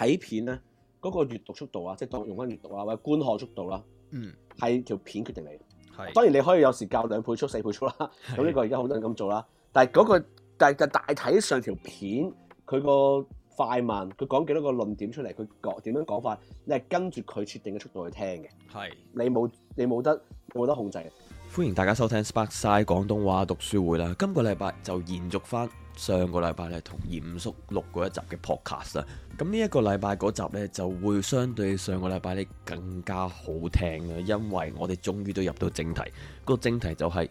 睇片咧，嗰、那個閲讀速度啊，即係當用翻閲讀啊，或者觀看速度啦，嗯，係條片決定你。係是當然你可以有時教兩倍速、四倍速啦。咁 呢個而家好多人咁做啦。但係嗰、那個，但係嘅大體上條片佢個快慢，佢講幾多個論點出嚟，佢講點樣講法，你係跟住佢設定嘅速度去聽嘅。係是你冇你冇得冇得控制嘅。的歡迎大家收聽 Sparkside 廣東話讀書會啦，今個禮拜就延續翻。上個禮拜咧同嚴叔錄嗰一集嘅 podcast 啦，咁呢一個禮拜嗰集呢，就會相對上個禮拜呢更加好聽啦，因為我哋終於都入到正題，個正題就係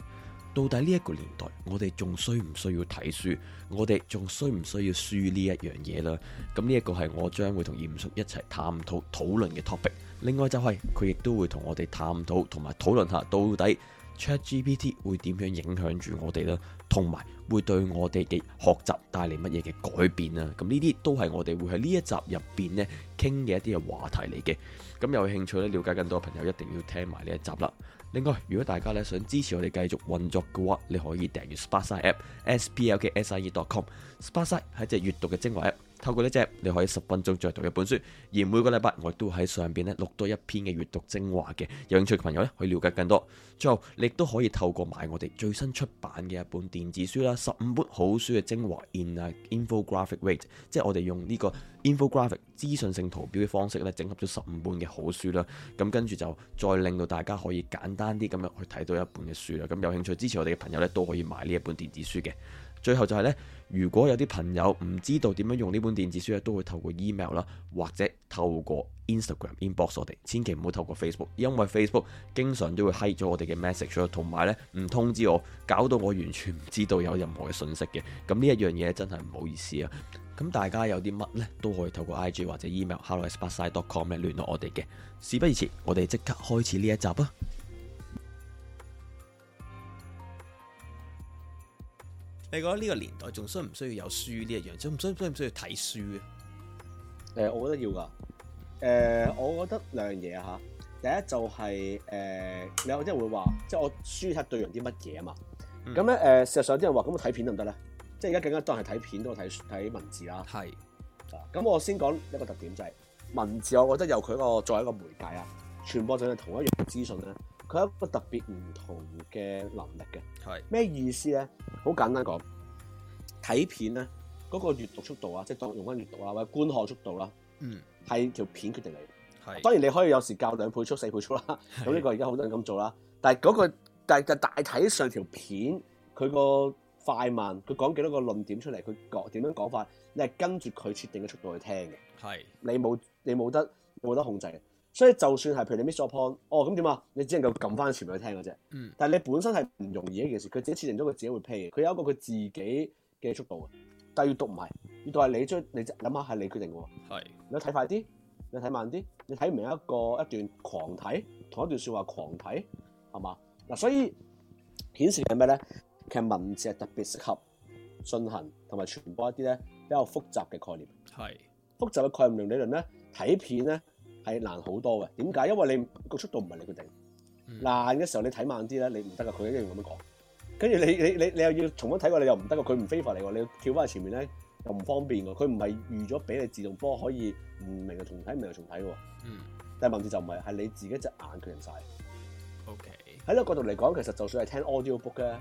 到底呢一個年代我哋仲需唔需要睇書，我哋仲需唔需要書呢一樣嘢啦？咁呢一個係我將會同嚴叔一齊探討討論嘅 topic，另外就係佢亦都會同我哋探討同埋討論下到底 ChatGPT 會點樣影響住我哋啦，同埋。會對我哋嘅學習帶嚟乜嘢嘅改變啊？咁呢啲都係我哋會喺呢一集入邊咧傾嘅一啲嘅話題嚟嘅。咁有興趣咧了解更多嘅朋友，一定要聽埋呢一集啦。另外，如果大家咧想支持我哋繼續運作嘅話，你可以訂閱 app, SparkSine app，s p l 嘅 s i e dot c o m SparkSine 係一隻閱讀嘅精華 app。透過呢隻，你可以十分鐘再讀一本書，而每個禮拜我亦都喺上邊咧錄多一篇嘅閱讀精華嘅。有興趣嘅朋友咧，可以了解更多。最後，你都可以透過買我哋最新出版嘅一本電子書啦，《十五本好書嘅精華 In 啊 Infographic Rate》，即係我哋用呢個 Infographic 資訊性圖表嘅方式咧，整合咗十五本嘅好書啦。咁跟住就再令到大家可以簡單啲咁樣去睇到一本嘅書啦。咁有興趣支持我哋嘅朋友咧，都可以買呢一本電子書嘅。最後就係、是、咧，如果有啲朋友唔知道點樣用呢本電子書咧，都會透過 email 啦，或者透過 Instagram inbox 我哋，千祈唔好透過 Facebook，因為 Facebook 經常都會閪咗我哋嘅 message，同埋咧唔通知我，搞到我完全唔知道有任何嘅信息嘅。咁呢一樣嘢真係唔好意思啊！咁大家有啲乜咧都可以透過 IG 或者 email hello@spassai.com 嚟聯絡我哋嘅。事不宜遲，我哋即刻開始呢一集啊。你覺得呢個年代仲需唔需要有書呢一樣？需唔需唔需要睇書啊？誒、呃，我覺得要㗎。誒、呃，我覺得兩樣嘢吓。第一就係、是呃、你有啲人會話，即係我書睇對唔啲乜嘢啊嘛。咁咧誒，事實上啲人話咁睇片得唔得咧？即係而家更加當係睇片多過睇睇文字啦。係是。咁、啊、我先講一個特點就係、是、文字，我覺得由佢個作為一個媒介啊，傳播咗一同一樣資訊咧。佢有一個特別唔同嘅能力嘅，係咩是意思咧？好簡單講，睇片咧嗰、嗰個閲讀速度啊，即係當用返閲讀啊，或者觀看速度啦，嗯，係條片決定你。係是當然你可以有時教兩倍速、四倍速啦，咁呢是個而家好多人咁做啦。但係嗰個但係大，大體上條片佢個快慢，佢講幾多個論點出嚟，佢講點樣講法，你係跟住佢設定嘅速度去聽嘅。係是你冇你冇得冇得控制嘅。所以就算係譬如你 miss 咗 point，哦咁點啊？你只能夠撳翻前面去聽嘅啫。嗯。但係你本身係唔容易嘅一件事，佢自己設定咗佢自己會 pay 嘅，佢有一個佢自己嘅速度啊。但係要讀唔係，要讀係你將你諗下係你決定㗎喎。係是。你睇快啲，你睇慢啲，你睇唔明一個一段狂睇，同一段説話狂睇，係嘛？嗱，所以顯示嘅係咩咧？其實文字係特別適合進行同埋傳播一啲咧比較複雜嘅概念。係是。複雜嘅概念同理論咧，睇片咧。係難好多嘅，點解？因為你個速度唔係你決定，嗯、難嘅時候，你睇慢啲咧，你唔得噶。佢一樣咁樣講，跟住你你你你又要重新睇過，你又唔得噶。佢唔 favor 你，你跳翻去前面咧又唔方便噶。佢唔係預咗俾你自動波可以唔明，明，嗯、就重睇，唔明就重睇噶。但係文字就唔係，係你自己隻眼決定晒。OK，喺呢個角度嚟講，其實就算係聽 audio book 咧，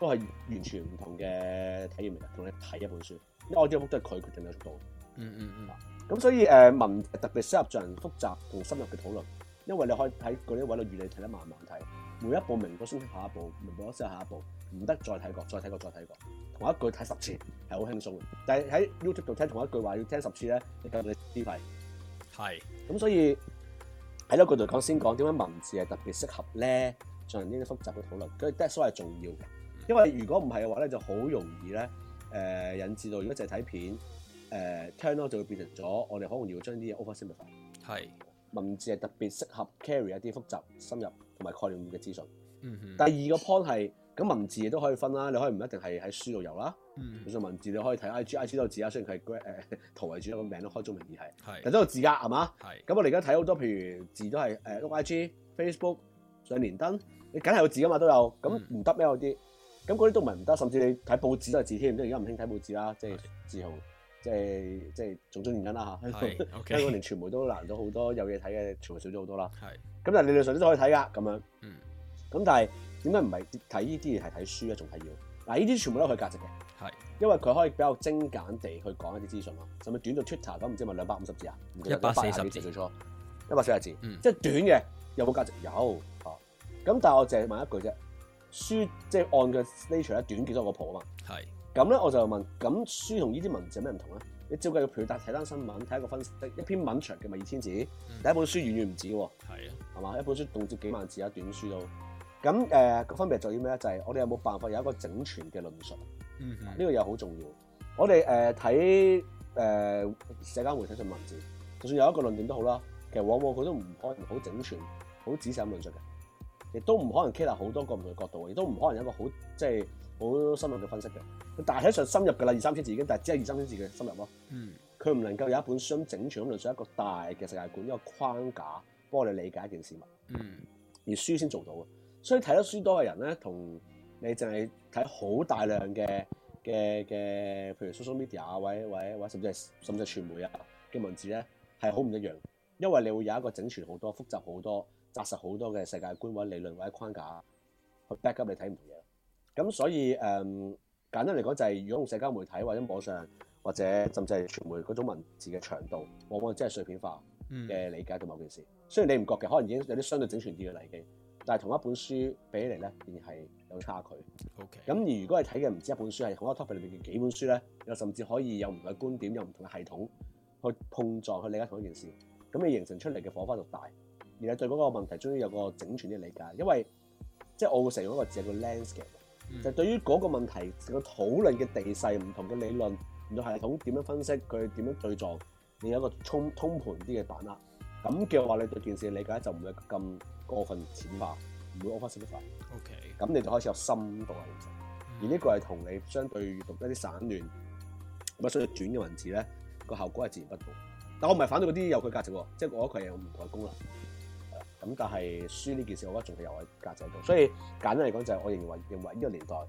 都係完全唔同嘅體驗嚟嘅，同你睇一本書，因為 audio book 都係佢決定嘅速度。嗯嗯嗯。嗯咁所以誒、呃，文特別適合進行複雜同深入嘅討論，因為你可以睇嗰啲位，你預你睇得慢慢睇，每一部明白先睇下一步，明白先下一步，唔得再睇過，再睇過，再睇過，過，過，同一句睇十次係好輕鬆嘅。但係喺 YouTube 度聽同一句話要聽十次咧，你夠唔夠啲資費？係是。咁所以喺呢個角度講，先講點解文字係特別適合咧進行呢啲複雜嘅討論，佢都係所謂重要嘅。因為如果唔係嘅話咧，就好容易咧誒引致到如果凈係睇片。Uh, turn 誒聽咯，就會變成咗我哋可能要將啲嘢 over simplify。Sim 是文字係特別適合 carry 一啲複雜、深入同埋概念嘅資訊。嗯、哼第二個 point 係，咁，文字亦都可以分啦。你可以唔一定係喺書度有啦。嗯。就算文字你可以睇 I G、I g 都有字啊，雖然佢係 graph 誒圖為主咯，名都開咗名字係是但都係字噶係嘛？係。咁是我哋而家睇好多，譬如字都係誒碌 I G、呃 Instagram, Facebook 上、上連登，你梗係有字噶嘛，都有咁唔得咩嗰啲？咁嗰啲都唔係唔得，甚至你睇報紙都係字添。而家唔興睇報紙啦，即係、就是、字號。即係即係仲中原因啦嚇，念念啊 okay. 因為我連傳媒都難咗好多，有嘢睇嘅傳媒少咗好多啦。係是，咁但係理論上都可以睇㗎咁樣。嗯，咁但係點解唔係睇呢啲而係睇書咧？仲睇要嗱，呢、啊、啲全部都有佢價值嘅。係是，因為佢可以比較精簡地去講一啲資訊咯，甚至短到 Twitter 咁唔知咪兩百五十字啊？一百四十字最初，一百四十字，字嗯、即係短嘅，有冇價值？有啊，咁但係我淨係問一句啫，書即係按嘅 nature 咧，短幾多個譜啊嘛？係。咁咧我就問，咁書同呢啲文字有咩唔同咧？你照計要培打睇單新聞，睇一個分析，一篇文長嘅咪二千字，第一本書遠遠唔止喎。係啊、嗯，係嘛？一本書動輒幾萬字，一短書都。咁誒個分別在於咩咧？就係、是、我哋有冇辦法有一個整全嘅論述？呢、嗯、個又好重要。嗯嗯、我哋誒睇誒社交媒體上文字，就算有一個論點都好啦，其實往往佢都唔開，唔好整全，好仔細咁論述嘅。亦都唔可能 cover 好多個唔同嘅角度，亦都唔可能有一個好即係好深入嘅分析嘅。但係睇上深入㗎啦，二三千字已經，但係只係二三千字嘅深入咯。嗯。佢唔能夠有一本書整全咁論述一個大嘅世界觀、一個框架，幫我哋理解一件事物。嗯。而書先做到嘅，所以睇得書多嘅人咧，同你淨係睇好大量嘅嘅嘅，譬如 social media 啊、或者或者或者，甚至係甚至係傳媒啊嘅文字咧，係好唔一樣。因為你會有一個整全好多、複雜好多。紮實好多嘅世界觀、或者理論、或者框架去 back up 你睇唔同嘢，咁所以誒、嗯，簡單嚟講就係、是，如果用社交媒體或者網上或者甚至係傳媒嗰種文字嘅長度，往往真係碎片化嘅理解到某件事。嗯、雖然你唔覺嘅，可能已經有啲相對整全啲嘅理解，但係同一本書比起嚟咧，仍然係有差距。OK。咁而如果係睇嘅唔止一本書，係同一 topic 裏邊嘅幾本書咧，又甚至可以有唔同嘅觀點，有唔同嘅系統去碰撞去理解同一件事，咁你形成出嚟嘅火花就大。而家對嗰個問題終於有個整全嘅理解，因為即係我會成用一個字叫 landscape、嗯、就對於嗰個問題整個討論嘅地勢、唔同嘅理論、唔同系統點樣分析佢點樣對撞，你有一個通通盤啲嘅把握，咁嘅話你對件事嘅理解就唔會咁過分淺化，唔會 over simplify。OK，咁你就開始有深度啊！而呢個係同你相對讀一啲散亂、唔係相對轉嘅文字咧，個效果係截然不同。但我唔係反對嗰啲有佢價值喎，即係我覺得佢有唔同嘅功能。咁但係書呢件事，我覺得仲係有個價值喺度。所以簡單嚟講，就係我仍然話認為呢個年代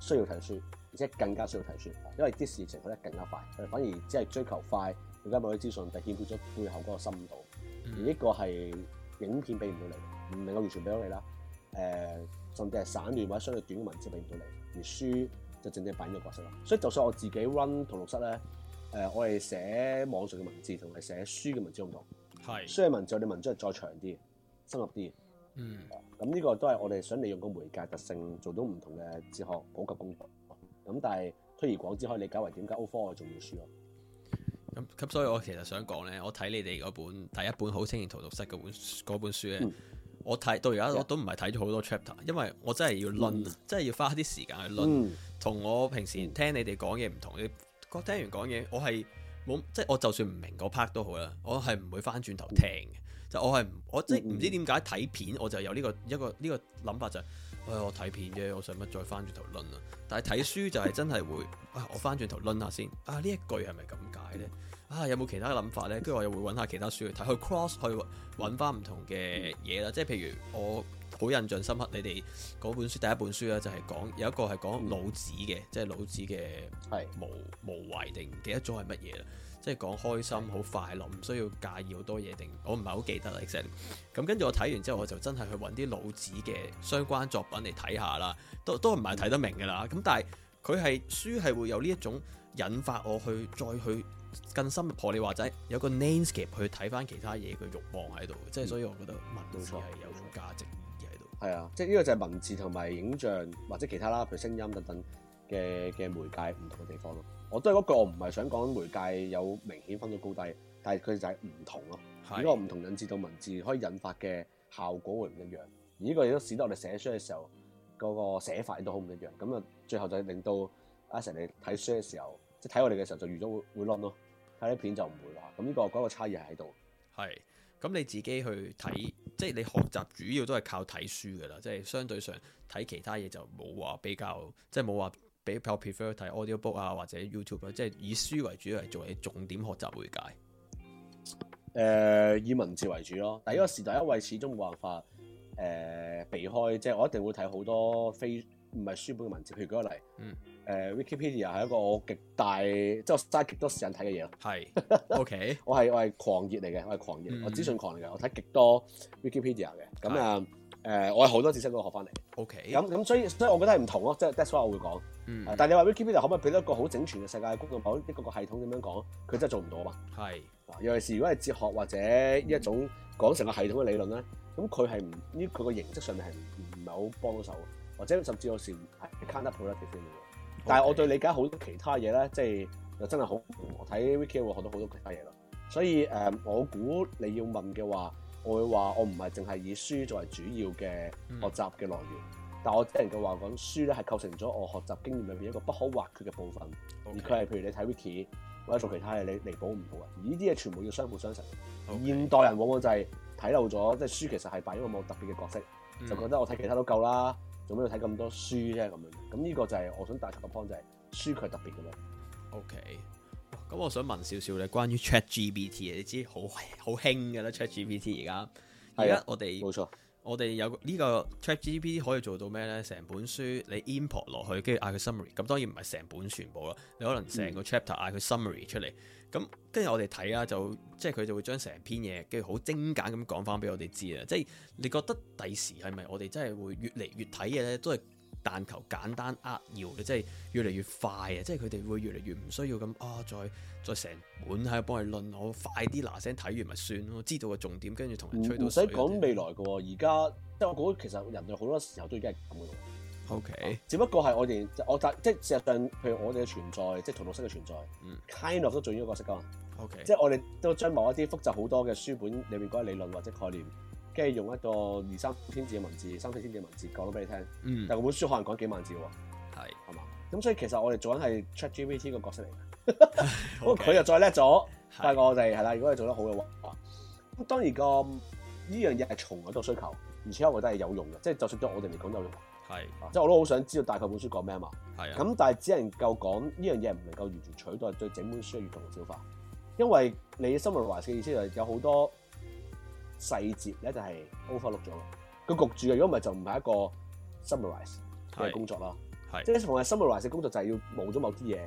需要睇書，而且更加需要睇書，因為啲事情佢咧更加快。佢反而只係追求快，更加冇啲資訊，但係欠缺咗背後嗰個深度。而呢個係影片俾唔到你，唔能夠完全俾到你啦。誒、呃，甚至係散亂或者相對短嘅文字俾唔到你，而書就正正扮演個角色咯。所以就算我自己 run 同錄室咧，誒、呃，我哋寫網上嘅文字同埋寫書嘅文字唔同。係是，雖然文字我哋文字係再長啲。深入啲，嗯，咁呢個都係我哋想利用個媒介特性，做到唔同嘅哲學普及工作。咁、嗯、但係推而廣之，可以理解為點解 O 科嘅重要書咯。咁咁、嗯，所以我其實想講咧，我睇你哋嗰本第一本好青年荼毒室嗰本本書咧，嗯、我睇到而家我都唔係睇咗好多 chapter，因為我真係要論，嗯、真係要花啲時間去論。同、嗯、我平時聽你哋講嘢唔同，嗯、你聽完講嘢，我係冇即係我就算唔明嗰 part 都好啦，我係唔會翻轉頭聽嘅。就我係我即係唔知點解，睇片我就有呢個一個呢個諗法就係，哎我睇片啫，我想乜再翻轉頭論啊。但係睇書就係真係會，我翻轉頭論下先。啊呢一句係咪咁解咧？啊有冇其他諗法咧？跟住我又會揾下其他書去睇，去 cross 去揾翻唔同嘅嘢啦。即係譬如我好印象深刻，你哋嗰本書第一本書咧，就係講有一個係講老子嘅，即係老子嘅無無為定唔記得咗係乜嘢啦。即係講開心，好快樂，唔需要介意好多嘢定，我唔係好記得啦。咁跟住我睇完之後，我就真係去揾啲老子嘅相關作品嚟睇下啦。都都唔係睇得明㗎啦。咁但係佢係書係會有呢一種引發我去再去更深嘅破你壞性，有個 landscape 去睇翻其他嘢嘅慾望喺度。即係、嗯、所以，我覺得文字係有種價值意義喺度。係啊、嗯，即係呢個就係文字同埋影像或者其他啦，譬如聲音等等，等，等。嘅嘅媒介唔同嘅地方咯，我都係嗰句，我唔係想講媒介有明顯分到高低，但係佢就係唔同咯、啊。係呢個唔同引致到文字可以引發嘅效果會唔一樣，而呢個亦都使得我哋寫書嘅時候嗰個寫法亦都好唔一樣。咁啊，最後就令到阿成你睇書嘅時候，即係睇我哋嘅時候就預咗會會 run 咯，睇片就唔會啦。咁呢個嗰個差異係喺度。係，咁你自己去睇，即係你學習主要都係靠睇書噶啦，即係相對上睇其他嘢就冇話比較，即係冇話。俾 prefer 睇 audio book 啊，或者 YouTube、啊、即係以書為主嚟作為重點學習媒介。誒、呃，以文字為主咯。第一個時代，因為始終冇辦法誒、呃、避開，即、就、係、是、我一定會睇好多非唔係書本嘅文字。譬如舉個例，誒、嗯呃、，Wikipedia 係一個我極大即係我嘥極多時間睇嘅嘢咯。係，OK 我。我係我係狂熱嚟嘅，我係狂熱、嗯，我資訊狂嚟嘅，我睇極多 Wikipedia 嘅。咁啊。誒、呃，我係好多知識都學翻嚟。O K. 咁咁，所以所以我覺得係唔同咯，即係 that's why 我會講。呃、嗯。但係你話 Wikipedia 可唔可以俾到一個好整全嘅世界嘅公嘅講一個個系統點樣講？佢真係做唔到啊嘛。係是、呃。尤其是如果係哲學或者一種講成個系統嘅理論咧，咁佢係唔呢佢個形質上面係唔唔係好幫到手，或者甚至有時 can't help but feel。但係我對理解好多其他嘢咧，即係又真係好，我睇 Wikipedia 學到好多其他嘢咯。所以誒、呃，我估你要問嘅話。我會話我唔係淨係以書作為主要嘅學習嘅來源，嗯、但我只能夠話講書咧係構成咗我學習經驗裏邊一個不可或缺嘅部分，Okay. 而佢係譬如你睇 Wiki 或者做其他嘢，你彌補唔到嘅，而呢啲嘢全部要相輔相成。Okay. 現代人往往就係睇漏咗，即、就、係、是、書其實係扮演一個冇特別嘅角色，嗯、就覺得我睇其他都夠啦，做咩要睇咁多書啫咁樣。咁呢個就係、是、我想帶出嘅方，就係書佢係特別嘅咯。o、okay. k 咁我想問少少咧，關於 ChatGPT 啊，你知好好興嘅啦，ChatGPT 而家而家我哋冇錯，我哋有呢個 ChatGPT 可以做到咩咧？成本書你 import 落去，跟住嗌佢 summary，咁當然唔係成本全部啦，你可能成個 chapter 嗌佢 summary 出嚟，咁跟住我哋睇啊，就即係佢就會將成篇嘢跟住好精簡咁講翻俾我哋知啊。即係你覺得第時係咪我哋真係會越嚟越睇嘅咧？都係。但求簡單扼要嘅，即係越嚟越快啊！即係佢哋會越嚟越唔需要咁啊、哦，再再成本喺度幫你論我快啲，嗱聲睇完咪算咯，知道個重點跟住同人吹到。所以講未來嘅喎，而家即係我覺得其實人類好多時候都已經係咁。OK. 只不過係我哋，我即係事實上，譬如我哋嘅存在，即係圖書室嘅存在，Kind of 都重要一個角色噶嘛。OK. 即係我哋都將某一啲複雜好多嘅書本，裡面嗰啲理論或者概念。跟住用一個二三千字嘅文字，三四千字嘅文字講咗俾你聽。嗯，但係本書可能講幾萬字喎。係是，係嘛？咁所以其實我哋做緊係 ChatGPT 呢個角色嚟嘅。不過佢又再叻咗，是但係我哋係啦。如果你做得好嘅話，咁、啊、當然、這個呢樣嘢係從嗰度需求，而且我覺得係有用嘅，即係就算咗我哋嚟講有用。係是，即係、啊、我都好想知道大概本書講咩啊嘛。係啊的，咁但係只能夠講呢樣嘢，唔、這個、能夠完全取代對整本書嘅逐字同消化，因為你 s u m m 意思就係有好多。細節咧就係、是、overlook 咗嘅，佢焗住嘅。如果唔係就唔係一個 summarize 嘅工作咯。即係同埋 summarize 嘅工作就係要冇咗某啲嘢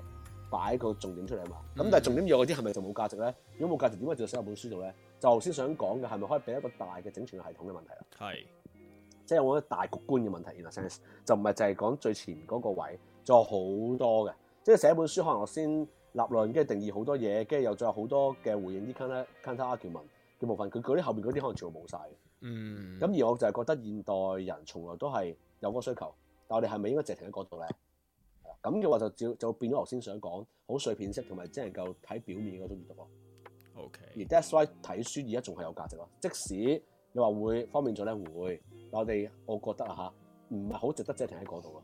擺個重點出嚟啊嘛。咁、嗯、但係重點要嗰啲係咪就冇價值咧？如果冇價值，點解就要寫，寫本書度咧？就頭先想講嘅係咪可以俾一個大嘅整全系統嘅問題啊？係是，即係我覺得大局觀嘅問題，in a sense 就唔係就係講最前嗰個位，仲有好多嘅。即係寫一本書，可能我先立論，跟住定義好多嘢，跟住又仲有好多嘅回應啲 counter counter argument。Arg ument, 嘅部分，佢嗰啲後面嗰啲可能全部冇晒。嘅。嗯。咁而我就係覺得現代人從來都係有嗰個需求，但我哋係咪應該直停喺嗰度咧？咁嘅話就就變咗我頭先想講好碎片式同埋只能夠睇表面嗰種閱讀咯。O K。而 that's why 睇書而家仲係有價值咯。即使你話會方便咗咧，會，但我哋我覺得啊嚇，唔係好值得直停喺嗰度咯。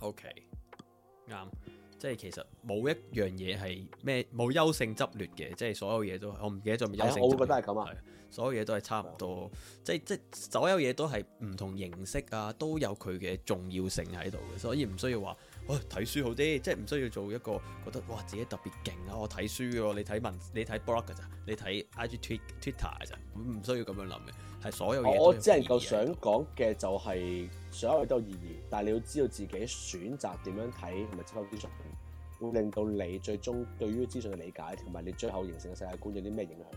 O K。啱。即係其實冇一樣嘢係咩冇優勝執劣嘅，即係所有嘢都我唔記得咗。我會覺得係咁啊。所有嘢都係差唔多。的即係即係所有嘢都係唔同形式啊，都有佢嘅重要性喺度嘅，所以唔需要話，啊，睇書好啲，即係唔需要做一個覺得哇自己特別勁啊！我睇書喎，你睇文，你睇 blog 㗎咋，你睇 IG twitter 㗎咋，唔需要咁樣諗嘅，係所有嘢、哦。我只能夠想講嘅就係、是、所有嘢都有意義，嗯、但係你要知道自己選擇點樣睇同埋會令到你最終對於資訊嘅理解，同埋你最後形成嘅世界觀有啲咩影響？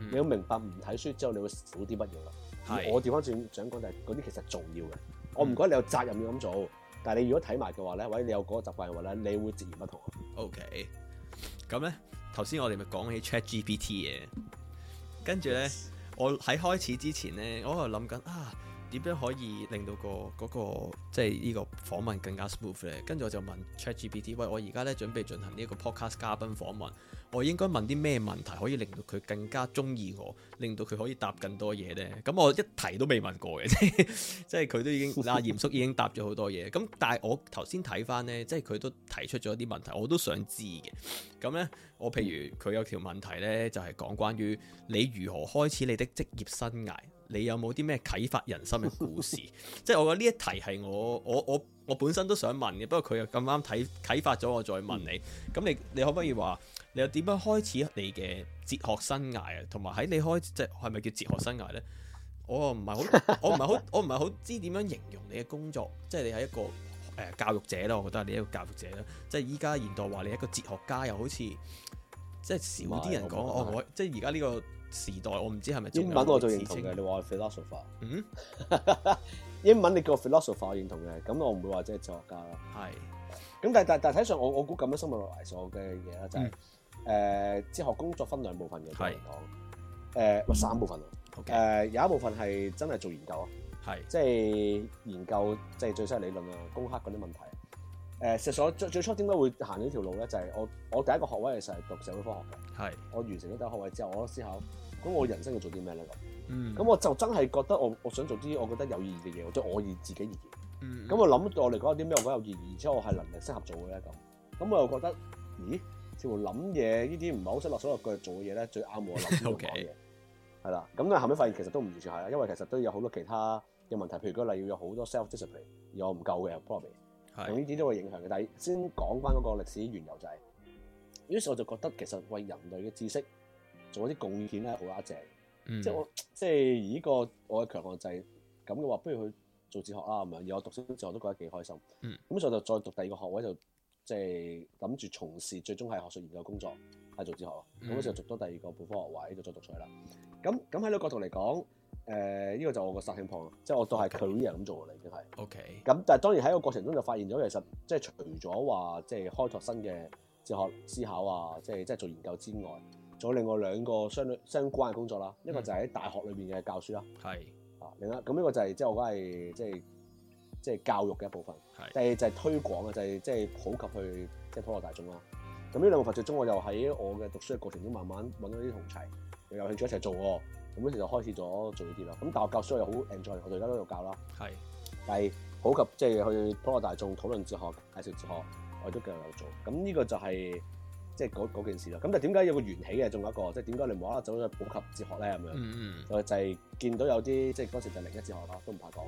嗯、你都明白唔睇書之後，你會少啲乜嘢啦？是我調翻轉想講就係嗰啲其實重要嘅。嗯、我唔覺得你有責任要咁做，但係你如果睇埋嘅話咧，或者你有嗰個習慣嘅話咧，你會截然不同。OK，咁咧頭先我哋咪講起 ChatGPT 嘅，跟住咧我喺開始之前咧，我喺度諗緊啊。點樣可以令到個嗰個即係呢個訪問更加 smooth 咧？跟住我就問 ChatGPT：喂，我而家咧準備進行呢個 podcast 嘉賓訪問。我應該問啲咩問題可以令到佢更加中意我，令到佢可以答更多嘢呢？咁我一題都未問過嘅，即係即係佢都已經嗱，嚴叔 已經答咗好多嘢。咁但係我頭先睇翻呢，即係佢都提出咗啲問題，我都想知嘅。咁呢，我譬如佢有條問題呢，就係、是、講關於你如何開始你的職業生涯，你有冇啲咩啟發人心嘅故事？即係 我覺得呢一題係我我我，我本身都想問嘅，不過佢又咁啱啓啟發咗我再問你。咁 你你可唔可以話？你又點樣開始你嘅哲學生涯啊？同埋喺你開，即係咪叫哲學生涯咧？我唔係好，我唔係好，我唔係好知點樣形容你嘅工作。即係你喺一個誒教育者咯，我覺得你一個教育者啦。即係依家現代話你一個哲學家，又好似即係少啲人講。我，oh，我即係而家呢個時代，我唔知係咪中文，我最認同嘅。你話 philosopher，嗯？ 英文你叫 philosopher，我認同嘅。咁我唔會話即係哲學家啦。係是。咁，對但係但係但係，實際上我我估咁樣深入嚟，做嘅嘢咧，就係、是。誒，哲、呃、學工作分兩部分嘅，講嚟講，三部分咯 Okay.、呃。有一部分係真係做研究咯，係是，即係研究，即係最犀利理論啊，攻克嗰啲問題。誒、呃，其實我最最初點解會行呢條路咧，就係、是、我我第一個學位其實係讀社會科學嘅，係是。我完成咗第一個學位之後，我都思考，咁我人生要做啲咩咧咁？咁、嗯、我就真係覺得我我想做啲我覺得有意義嘅嘢，即係我以自己而言，嗯。咁我諗我嚟講有啲咩我覺得有意義，而且我係能力適合做嘅咧咁。咁我又覺得，咦？咦叫諗嘢，呢啲唔係好識落手落腳做嘅嘢咧，最啱我諗嘅講嘢，係啦。 咁啊後尾發現其實都唔完全係啦，因為其實都有好多其他嘅問題，譬如講例要有好多 self-discipline，我唔夠嘅 probably 呢啲都會影響嘅。但係先講翻嗰個歷史源由就係、是，於是我就覺得其實為人類嘅知識做一啲貢獻咧好啱正，嗯、即係我即係以呢個我嘅強項就係咁嘅話，不如去做哲學啦。咁樣，而我讀書做哲學都覺得幾開心。咁所以就再讀第二個學位就。即係諗住從事最終係學術研究工作，係做哲學咯。咁嗰時讀多第二個本科學位就再讀出嚟啦。咁咁喺呢個角度嚟講，誒、呃、呢、這個就我個殺興碰即係我都係 career 咁做嚟，已經係 OK、就是。咁 Okay. 但係當然喺個過程中就發現咗，其實即係除咗話即係開拓新嘅哲學思考啊，即係即係做研究之外，仲有另外兩個相相關嘅工作啦、啊。嗯、一個就係喺大學裏邊嘅教書啦。係啊，另啦是。咁呢、啊、個就係即係我覺係即係即係教育嘅一部分。就係就係推廣啊，就係即係普及去即係、就是、普羅大眾啦。咁呢兩部分最終，我又喺我嘅讀書嘅過程中慢慢揾到啲同齊，又有興趣一齊做喎。咁於是就開始咗做呢啲咯。咁大學教書又好 enjoy，我哋而家都有教啦。係是，但係普及即係去普羅大眾討論哲學、介紹哲學，我哋都繼續有做。咁呢個就係即係嗰件事咯。咁但係點解有個緣起嘅？仲有一個，即係點解你無啦啦走去普及哲學咧？咁樣、mm hmm。就係見到有啲即係嗰時就01哲學啦，都唔怕講。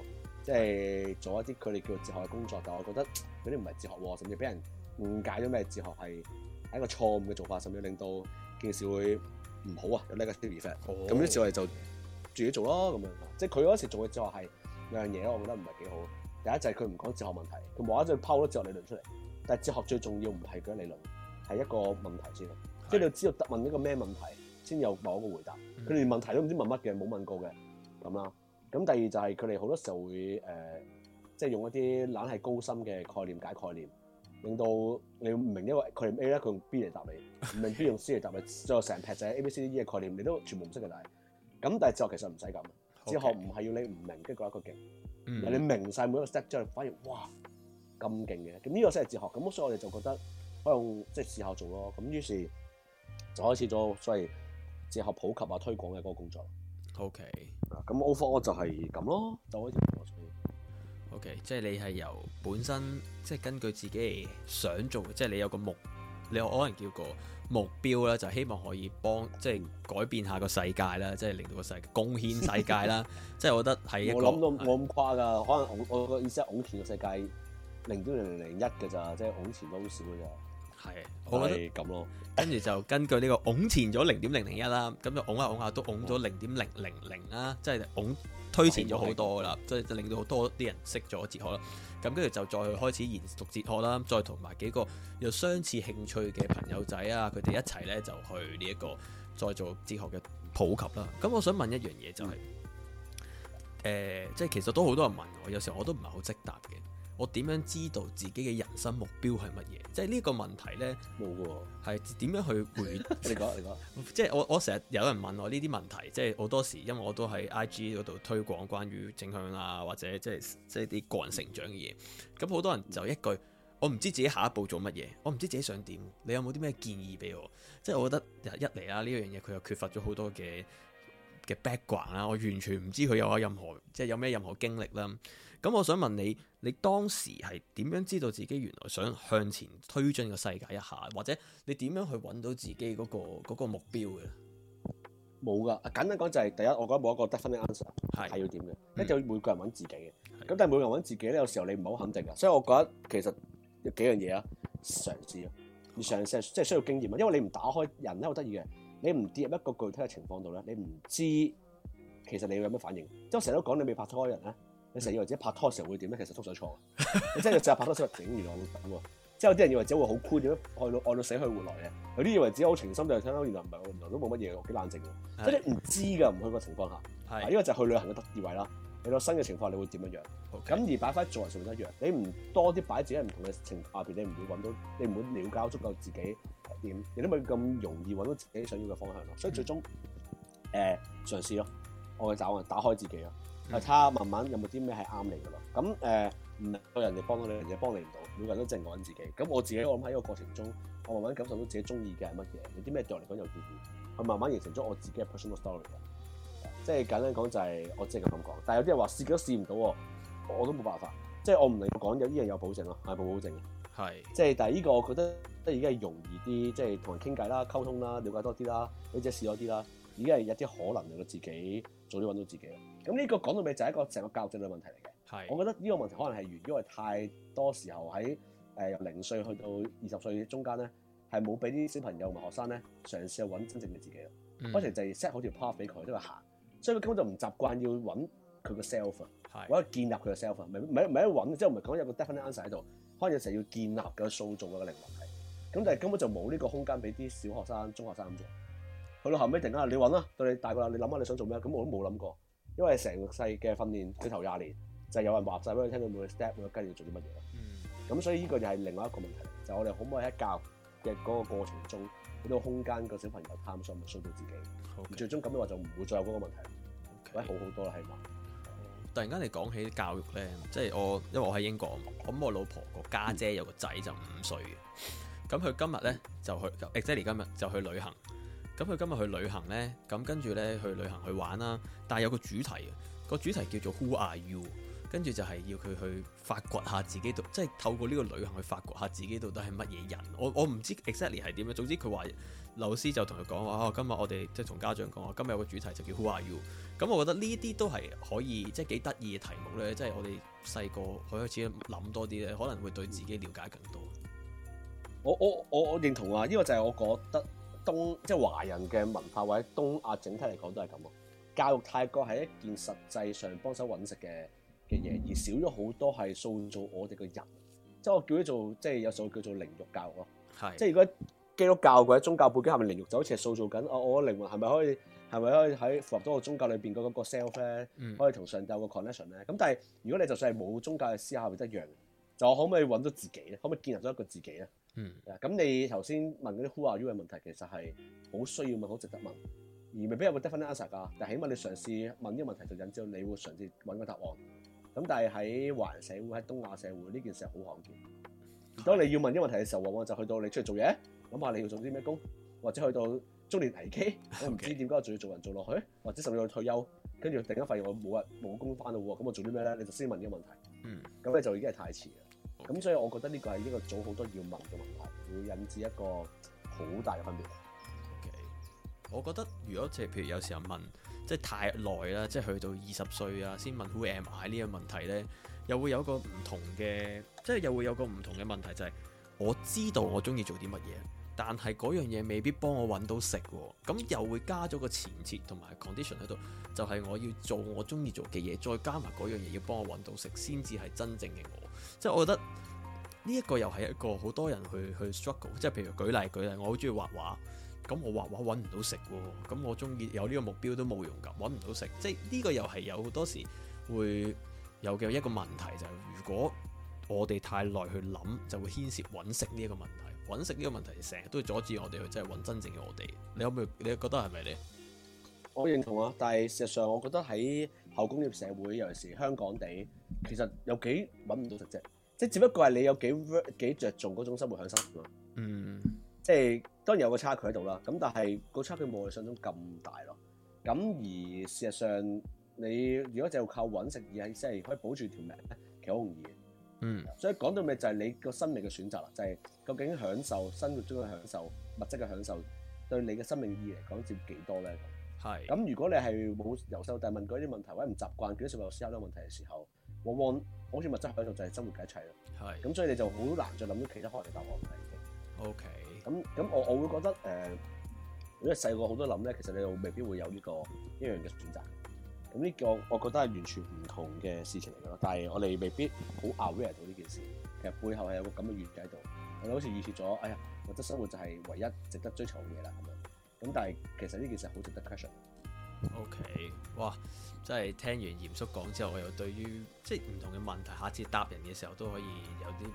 即係做一啲佢哋叫哲學嘅工作，但我覺得有啲唔係哲學喎，甚至俾人誤解咗咩哲學係一個錯誤嘅做法，甚至令到件事會唔好啊！有 negative effect。咁於是我哋就自己做咯，咁樣。即係佢嗰時做嘅哲學係兩樣嘢，我覺得唔係幾好。第一就係佢唔講哲學問題，佢無啦啦就拋好多哲學理論出嚟。但係哲學最重要唔係嗰啲理論，係一個問題先。是即係你要知道問一個咩問題先有某一個回答。佢、嗯、連問題都唔知問乜嘅，冇問過嘅咁啦。咁第二就係佢哋好多時候會誒、呃，即係用一啲懶係高深嘅概念解概念，令到你唔明呢個概念 A 咧，佢用 B 嚟答你，唔明 B 用 C 嚟答你，就成劈仔 A、B、C、D E 嘅概念，你都全部唔識嘅。但係，咁但係哲學其實唔使咁，哲 Okay. 學唔係要你唔明跟住覺得佢勁，你 Okay. 明晒每一個 step 之後，反而哇咁勁嘅。咁呢個先係哲學。咁所以我哋就覺得可用即係試下做咯。咁於是就開始咗所謂哲學普及啊、推廣嘅嗰個工作。OK。咁 over f 就係咁咯，okay，就可以做。O K，即係你係由本身，即係根據自己想做，即係你有個目，你可能叫個目標啦，就希望可以幫，即係改變下個世界啦，即係令到個世界貢獻世界啦。即係 我覺得係一個我諗到冇咁誇噶，可能我個意思係往前個世界零點零零零一嘅咋，即係往前都好少嘅咋。係，我覺得咁咯。跟住的就根據呢個拱前咗零點零零一啦，咁就拱下拱下都拱咗零點零零零啦，即係拱推前咗好 多噶啦，即係 令到好多啲人識咗哲學啦。咁跟住就再開始研讀哲學啦，再同埋幾個有相似興趣嘅朋友仔啊，佢哋一齊咧就去呢一個再做哲學嘅普及啦。咁我想問一樣嘢就係、是，誒、嗯，即係、呃、其實都好多人問我，有時候我都唔係好識答嘅。我點樣知道自己嘅人生目標係乜嘢？即係呢個問題呢冇嘅喎，係點樣去回答？ 你講，你講。即係我，我成日有人問我呢啲問題，即係好多時，因為我都喺 IG 嗰度推廣關於正向啊，或者即係即係啲個人成長嘅嘢。咁好多人就一句：我唔知自己下一步做乜嘢，我唔知自己想點。你有冇啲咩建議俾我？即係我覺得一，一嚟啦，呢樣嘢佢又缺乏咗好多嘅。嘅 background 啦，我完全唔知佢有咗任何即係有咩任何經歷啦。咁我想問你，你當時係點樣知道自己原來想向前推進個世界一下，或者你點樣去揾到自己嗰個嗰個目標嘅？冇噶，簡單講就係，第一，我覺得冇一個 defining answer 係要點嘅，一定要每個人揾自己嘅。咁的但係每個人揾自己咧，有時候你唔好肯定嘅。所以我覺得其實有幾樣嘢啊，嘗試啊，而嘗試即係需要經驗啊。因為你唔打開人咧，好得意嘅。你唔跌入一個具體嘅情況度咧，你唔知其實你會有咩反應。即係我成日都講你未拍拖嘅人咧，你成日以為自己拍拖嘅時候會點咧，其實捉咗錯啊！ 你真係入拍拖時候整完，原來我好慘喎。即係有啲人以為自己會好酷嘅，愛到愛到死去活來嘅，有啲以為自己好情深嘅，聽到原來唔係，原來，我原來都冇乜嘢，幾冷靜嘅。即是你唔知㗎，唔去個情況下。係是，因為就係去旅行嘅得意位啦。你個新嘅情況，你會點樣樣？咁 Okay. 而擺翻在上面一樣，你唔多啲擺自己唔同嘅情況下邊，你唔會揾到，你唔會瞭解足夠自己點，你都冇咁容易揾到自己想要嘅方向咯。所以最終，誒、呃、嘗試咯，我會找開打開自己咯，睇下慢慢有冇啲咩係啱你噶嘛。咁誒，唔能夠人哋幫到你，人哋幫你唔到，每個人都凈係揾自己。咁我自己，我諗喺呢個過程中，我慢慢感受到自己中意嘅係乜嘢，有啲咩對我嚟講有點點，我慢慢形成咗我自己嘅 personal story。即係簡單講就係我即係咁講，但係有啲人話試都試唔到，我都冇辦法。即係我唔能夠講有啲人有保證咯，係冇保證嘅。係即係，但係呢個我覺得即係而家係容易啲，即係同人傾偈啦、溝通啦、了解多啲啦，或者試多啲啦，而家係有啲可能令到自己早啲揾到自己。咁呢個講到尾就係一個成個教育制度問題嚟嘅。係是，我覺得呢個問題可能係原因，因為太多時候喺誒由零歲去到二十歲中間咧，係冇俾啲小朋友同埋學生咧嘗試去揾真正嘅自己咯。嗰時、嗯、就 set 好條 path 俾佢，都去行。所以佢根本就唔習慣要揾佢個 self，或者建立佢個 self，唔係唔係唔係一揾，即係唔係講有一個 definite answer 喺度，好多嘢成要建立個塑造個靈魂嚟。咁但係根本就冇呢個空間俾啲小學生、中學生咁做。去到後尾，突然間話你揾啦，到你大個啦，你諗下你想做咩？咁我都冇諗過，因為成個世嘅訓練，佢頭廿年就係、有人話晒俾佢聽，到每個 step 每個階段要做啲乜嘢。嗯。咁所以呢個又係另外一個問題，就係、我哋可唔可以喺教嘅嗰個過程中，俾到空間個小朋友探索同塑造自己，而 Okay. 最終咁嘅話就唔會再有嗰個問題。喂，好好多啦，係嘛？突然間你講起教育咧，即係我，因為我喺英國嘛，咁我，我老婆個家姐，姐有個仔就五歲，咁佢今日咧就去 e x a c t y 今日就去旅行，咁佢今日去旅行咧，咁跟住咧去旅行去玩啦，但係有個主題嘅，那個主題叫做 Who Are You。跟住就係要佢去發掘下自己，度即係透過呢個旅行去發掘下自己到底係乜嘢人。我我唔知 exactly 係點樣。總之佢話老師就同佢講話，今日我哋即係同家長講話，今日有個主題就叫 Who Are You、嗯。咁我覺得呢啲都係可以，即係幾得意嘅題目咧。即係我哋細個開始諗多啲咧，可能會對自己了解更多。我我我我認同啊，呢個就係我覺得東即係華人嘅文化，或者東亞整體嚟講都係咁。教育泰國係一件實際上幫手揾食嘅嘅嘢，而少咗好多係塑造我哋嘅人，即係我叫佢做即係有時候叫做靈肉教育咯。係是即係如果基督教或者宗教背景係咪靈肉，就好似係塑造緊、哦、我我靈魂係咪可以係咪可以喺符合到我宗教裏邊嗰個 self 咧，嗯、可以同上帝個 connection 咧？咁但係如果你就算係冇宗教嘅思考，亦都一樣。就可唔可以揾到自己咧？可唔可以建立咗一個自己咧？嗯，咁你頭先問嗰啲 Who are you 嘅問題，其實係好需要問、好值得問，而未必有冇得分 answer 㗎。但起碼你嘗試問呢個問題，就引致到你，你會嘗試揾個答案。咁但係喺華人社會，喺東亞社會呢件事係好罕見。當你要問呢個問題嘅時候，往往就去到你出嚟做嘢，諗下你要做啲咩工，或者去到中年危機，我唔知點解我仲要做人做落去，Okay. 或者甚至到退休，跟住突然間發現我冇人冇工返到喎，咁我做啲咩咧？你就先問呢個問題，咁、嗯、你就已經係太遲啦。咁所以我覺得呢個係一個早好多要問嘅問題，會引致一個好大嘅分別。Okay. 我覺得如果即係譬如有時候問。即係太耐啦，即係去到二十歲啊，先問 Who am I 呢個問題呢，又會有個唔同嘅，即係又會有個唔同嘅問題，就係我知道我中意做啲乜嘢，但係嗰樣嘢未必幫我揾到食，咁又會加咗個前設同埋 condition 喺度，就係我要做我中意做嘅嘢，再加埋嗰樣嘢要幫我揾到食，先至係真正嘅我。即係我覺得呢一個又係一個好多人去去 struggle，即係譬如舉例舉例，我好中意畫畫。咁我畫畫揾唔到食，咁我中意有呢個目標都冇用噶，揾唔到食，即係呢個又係有好多時會有嘅一個問題就係，如果我哋太耐去諗，就會牽涉揾食呢一個問題，揾食呢個問題成日都會阻止我哋去真係揾真正嘅我哋。你有冇？你覺得係咪你，我認同啊，但係事實上我覺得喺後工業社會，尤其是香港地，其實有幾揾唔到食啫，即係只不過係你有幾幾着重嗰種生活享受。嗯。即係當然有個差距喺度啦，咁但係個差距冇我哋想象咁大咯。咁而事實上，你如果就靠揾食而係即係可以保住條命咧，其實好容易嘅。嗯，所以講到尾就係你個生命嘅選擇啦，就係、是、究竟享受生活中嘅享受、物質嘅享受，對你嘅生命意義嚟講佔幾多咧？係咁是，如果你係冇由細到大問過啲問題，或者唔習慣幾多時候思考呢個問題嘅時候，往往好似物質享受就係生活嘅一切啦。係咁是，所以你就好難再諗到其他可能嘅答案 O K。是 okay. 咁咁我我會覺得誒，因為細個好多諗咧，其實你又未必會有呢個一樣嘅選擇。咁呢個我覺得係完全唔同嘅事情嚟嘅咯。但係我哋未必好 aware 到呢件事。其實背後係有個咁嘅預計度，我哋好似預設咗，哎呀，覺得生活就係唯一值得追求嘅嘢啦。咁樣咁，但係其實呢件事係好值得 discussion。OK，哇！真係聽完嚴叔講之後，我又對於即係唔同嘅問題，下次答人嘅時候都可以有啲。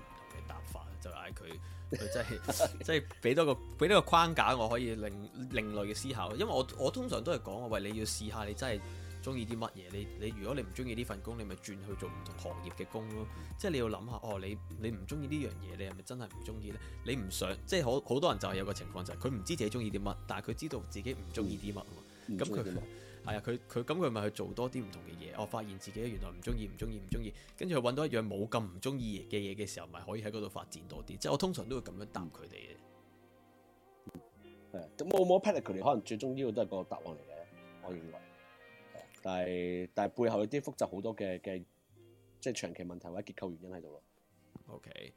就嗌佢，佢 真係真係俾多個俾多個框架，我可以另另類嘅思考。因為我我通常都係講我話你要試下，你真係中意啲乜嘢？你你如果你唔中意呢份工，你咪轉去做唔同行業嘅工咯。即係你要諗下，哦，你你唔中意呢樣嘢，你係咪真係唔中意呢？你唔想，即係好好多人就係有個情況，就係佢唔知自己中意啲乜，但係佢知道自己唔中意啲乜。咁佢。係啊，佢佢咁佢咪去做多啲唔同嘅嘢，我、哦、發現自己原來唔中意唔中意唔中意，跟住佢揾到一樣冇咁唔中意嘅嘢嘅時候，咪可以喺嗰度發展多啲。即係我通常都會咁樣答佢哋嘅。咁冇冇 patent 佢哋，可能最終呢個都係個答案嚟嘅，我認為。但係但係背後有啲複雜好多嘅嘅，即係長期問題或者結構原因喺度咯。OK，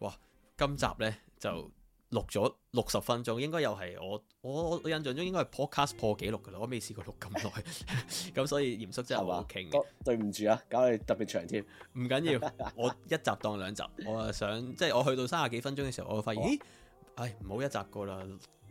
哇，今集咧就。嗯錄咗六十分鐘，應該又係我我印象中應該係 podcast 破紀錄噶啦，我未試過錄咁耐，咁、 嗯、所以嚴叔真係好傾嘅，對唔住啊，搞到你特別長添，唔緊要，我一集當兩集，我啊想即係、就是、我去到三十幾分鐘嘅時候，我就發現，哎、哦，唔好一集過啦，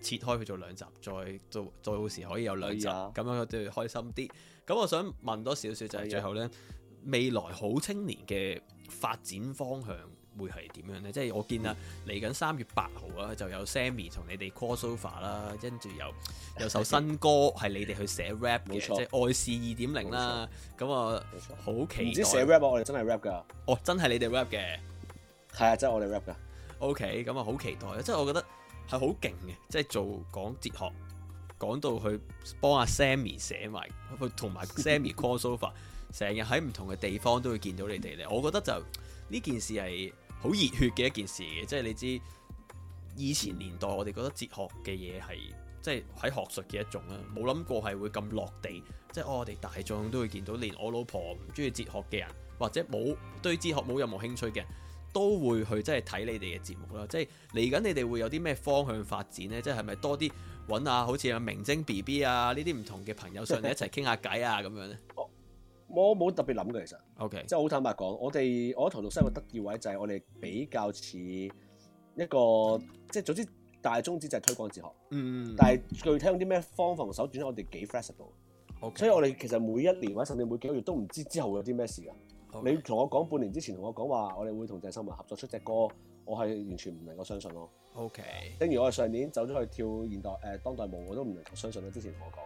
切開去做兩集，再做再到，到時可以有兩集，咁、啊、樣對開心啲。咁我想問多少少就係最後呢 未來好青年嘅發展方向。會係點樣咧？即係我見啊，嚟緊三月八號啊，就有 Sammy 同你哋 call sofa 啦，跟住又有，有首新歌係你哋去寫 rap 冇錯，即係《愛是二點零》啦。咁啊，冇錯，我好期待！唔知寫 rap 啊，我哋真係 rap 噶。哦，真係你哋 rap 嘅，係啊，真係我哋 rap 噶。OK，咁啊，好期待啊！即係我覺得係好勁嘅，即係做講哲學，講到去幫阿 Sammy 寫埋， 同埋 Sammy call sofa 成日喺唔同嘅地方都會見到你哋咧。我覺得就呢件事係好熱血嘅一件事嘅，即係你知以前年代，我哋覺得哲學嘅嘢係即係喺學術嘅一種啦，冇諗過係會咁落地，即係、哦、我哋大眾都會見到，連我老婆唔中意哲學嘅人，或者冇對哲學冇任何興趣嘅人都會去，即係睇你哋嘅節目啦。即係嚟緊，你哋會有啲咩方向發展呢？即係咪多啲揾下好似阿明晶 BB 啊呢啲唔同嘅朋友上嚟一齊傾下偈啊咁樣咧？我冇特別諗嘅，其實，Okay. 即係好坦白講，我哋我喺荼毒室個得意位就係我哋比較似一個，即係總之大宗旨就係推廣哲學，嗯、mm，hmm. 但係具體用啲咩方法同手段，我哋幾 flexible，Okay. 所以我哋其實每一年或者甚至每幾個月都唔知之後會有啲咩事㗎。Okay. 你同我講半年之前同我講話，我哋會同鄭秀文合作出隻歌，我係完全唔能夠相信咯。OK，正如我上年走咗去跳現代誒、呃、當代舞，我都唔能夠相信啦。之前同我講。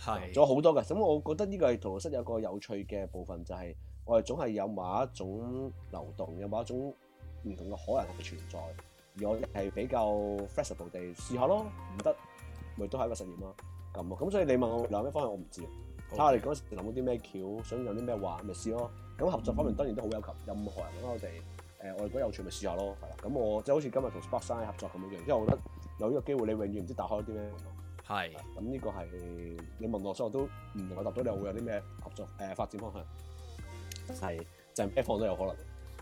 係，仲是有好多嘅，咁我覺得呢個係陀室有個有趣嘅部分，就係、是、我哋總係有某一種流動，有某一種唔同嘅可能嘅存在，而我哋係比較 flexible 地試下咯，唔得，咪都係一個實驗啦。咁咁所以你問我兩咩方向，我唔知。睇下你嗰時諗到啲咩橋，想，想有啲咩話，咪試咯。咁合作方面當然都好有求任何人啦、呃，我哋誒我哋覺得有趣咪試下咯，係啦。咁我即係好似今日同 Sportsline 合作咁樣嘅，因為我覺得有呢個機會，你永遠唔知打開啲咩。係，咁呢是、嗯呢個係你問我，所以我都唔同。我答到你，會有啲咩合作誒、呃、發展方向？係，就係咩方都有可能。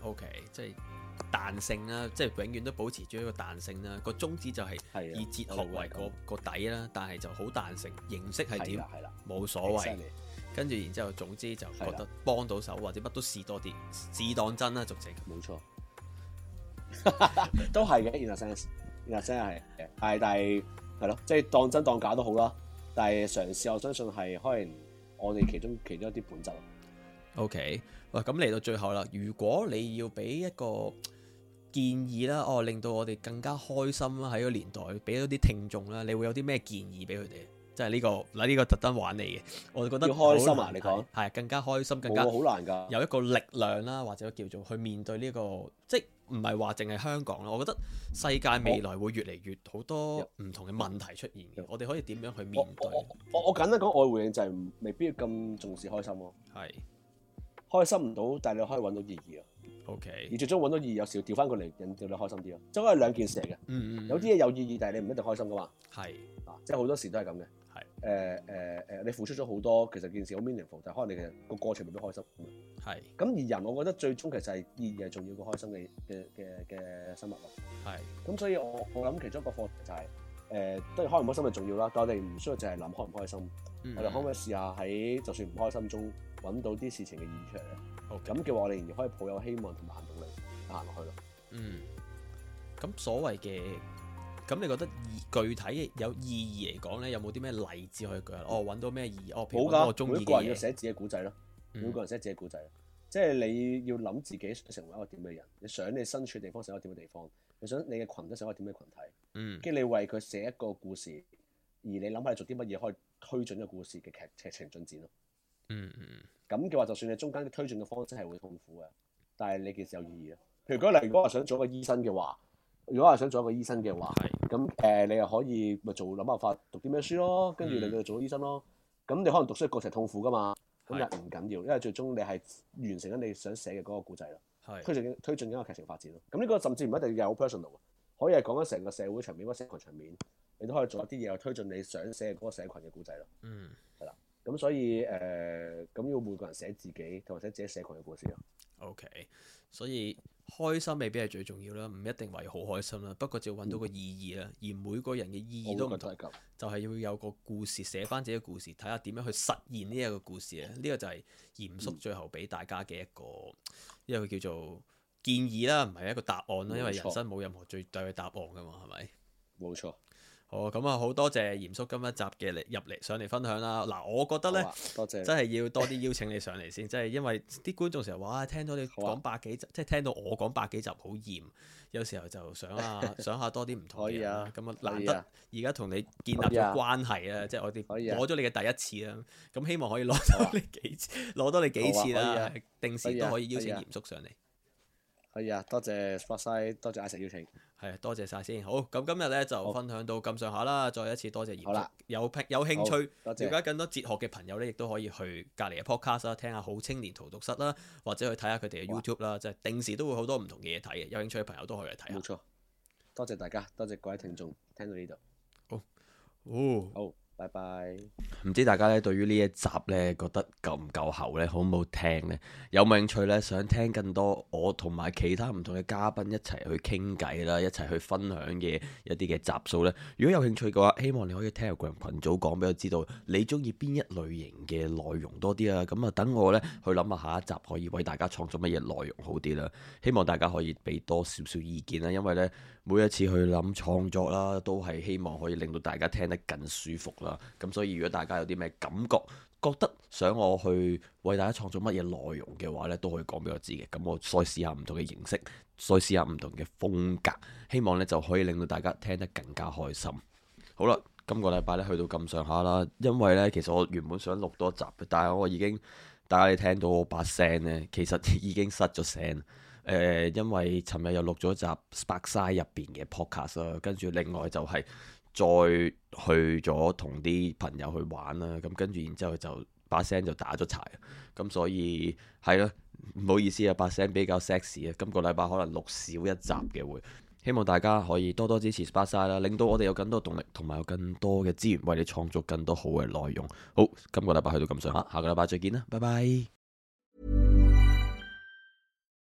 O、okay, K，即係彈性啦，即係永遠都保持住一個彈性啦。個宗旨就係以哲學為個個底啦，的但係就好彈性，形式係點，冇所謂。跟住然之後總之就覺得幫到手的或者乜都試多啲，試當真啦，續情，冇沒錯， 都係嘅。然後真，然後真但係係。 係咯，即係當真當假都好啦，但係嘗試，我相信係可能我哋其中其中一啲本質。OK，哇，咁嚟、okay, 到最後啦，如果你要俾一個建議啦，哦，令到我哋更加開心啦，喺個年代俾咗啲聽眾啦，你會有啲咩建議俾佢哋？即係呢個嗱呢、這個特登玩嚟嘅，我覺得要開心啊！是你講說係更加開心，有更加好難㗎。有一個力量啦，或者叫做去面對呢、這個，即係唔係話淨係香港咯。我覺得世界未來會越嚟越好多唔同嘅問題出現嘅。哦、我哋可以點樣去面對？我我，我，我，我，我簡單講愛回應就係唔未必要咁重視開心咯、啊。係是開心唔到，但係你可以揾到意義啊。OK。而最終揾到意義，有時調翻佢嚟引調你開心啲咯。即係兩件事嚟嘅。嗯嗯。有啲嘢有意義，但係你唔一定開心㗎嘛。係是啊，即係好多時都係咁嘅。係，誒誒，你付出咗好多，其實件事好 meaningful 就可能你其實個過程未必開心。係是。咁而人，我覺得最終其實係意義係重要過開心嘅嘅嘅嘅生物咯。係是。咁所以我我諗其中一個課題就係、是、誒，都、呃、係、嗯、開唔開心咪重要啦。但係我哋唔需要淨係諗開唔開心。嗯、我哋可唔可以試下喺就算唔開心中揾到啲事情嘅意義出嚟咧？好。咁嘅話我哋仍然可以抱有希望同埋行動力行落去咯。嗯。咁所謂嘅。咁你覺得具體有意義嚟講咧，有冇啲咩例子可以舉啊？哦，揾到咩意義？哦，譬如講我中意嘅噶。每個人要寫自己嘅故仔咯。每個人寫自己嘅故仔，嗯、即係你要諗自己成為一個點嘅人，你想你身處地方成為點嘅地方，你想你嘅群都成為點嘅羣體，跟住、嗯、你為佢寫一個故事，而你諗下你做啲乜嘢可以推進個故事嘅劇劇情進展咯。嗯嗯。咁嘅話，就算你中間推進嘅方式係會痛苦嘅，但係你其實有意義咯。譬如講，例如如果話想做個醫生嘅話。如果係想做一個醫生嘅話，咁誒的、呃、你又可以咪做諗辦法讀啲咩書咯，跟住你到做醫生咯。咁、嗯、你可能讀書嘅過程痛苦噶嘛，咁又唔緊要，因為最終你係完成緊你想寫嘅嗰個故仔啦。係的，佢推進緊個劇情發展咯。咁呢個甚至唔一定係好 personal，可以係講緊成個社會場面或者社群場面，你都可以做一啲嘢，又推進你想寫嘅嗰個社群嘅故仔啦。嗯，係啦。咁所以誒，咁、呃、要每個人寫自己，同或者寫自己社群嘅故事咯。嗯、o、okay. K，所以。開心未必係最重要啦，唔一定話好開心啦。不過就要揾到個意義啦，嗯、而每個人嘅意義都唔同，就係要有個故事，寫翻自己故事，睇下點樣去實現呢一個故事啊。呢、這個就係嚴肅最後俾大家嘅一個一、嗯、個叫做建議啦，唔係一個答案啦。錯因為人生冇任何最對嘅答案噶嘛，係咪？冇錯。好，咁啊好多謝嚴叔今日集嘅嚟，入嚟上嚟分享啦。嗱，我覺得咧、啊，多謝真係要多啲邀請你上嚟先，即係 因為啲觀眾成日話啊，聽到你講百幾集，啊、即係聽到我講百幾集好厭，有時候就想啊，想下多啲唔同嘅人咁 啊，啊難得而家同你建立咗關係啊，即係我哋攞咗你嘅第一次啦，咁、啊、希望可以攞多你幾攞、啊、 多你幾次啦，啊啊、定時都可以邀請嚴叔、啊、上嚟。可啊、哎，多謝，Spotify，多謝阿石邀請。係啊，多謝晒先。好，咁今日咧好就分享到咁上下啦。再一次多謝葉。好啦了，有有興趣了解更多哲學嘅朋友咧，亦都可以去隔籬嘅 podcast 啦，聽下《好青年荼毒室》啦，或者去睇下佢哋嘅 YouTube 好啦，即、就、係、是、定時都會好多唔同嘅嘢睇嘅。有興趣嘅朋友都可以去睇下。冇錯，多謝大家，多謝各位聽眾聽到呢度。好，哦、好。拜拜！唔知大家咧對於呢一集咧覺得夠唔夠喉咧，好唔好聽咧？有冇興趣咧？想聽更多我同埋其他唔同嘅嘉賓一齊去傾偈啦，一齊去分享嘅一啲嘅集數咧？如果有興趣嘅話，希望你可以 telegram 群組講俾我知道，你中意邊一類型嘅內容多啲啊？咁啊，等我咧去諗下下一集可以為大家創作乜嘢內容好啲啦。希望大家可以俾多少少意見啦，因為咧。每一次去諗創作啦，都係希望可以令到大家聽得更舒服啦。咁所以，如果大家有啲咩感覺，覺得想我去為大家創作乜嘢內容嘅話咧，都可以講俾我知嘅。咁我再試下唔同嘅形式，再試下唔同嘅風格，希望呢就可以令到大家聽得更加開心。好啦，今個禮拜呢去到咁上下啦，因為呢其實我原本想錄多集，但係我已經大家聽到我把聲呢，其實已經失咗聲了。誒，因為尋日又錄咗集 Sparkside 入邊嘅 podcast 啦，跟住另外就係再去咗同啲朋友去玩啦，咁跟住然之後就把聲就打咗柴，咁所以係咯，唔好意思啊，把聲比較 sexy 啊，今個禮拜可能錄少一集嘅會，希望大家可以多多支持 Sparkside 啦，令到我哋有更多動力同埋有更多嘅資源為你創作更多好嘅內容。好，今個禮拜去到咁上下，下個禮拜再見啦，拜拜。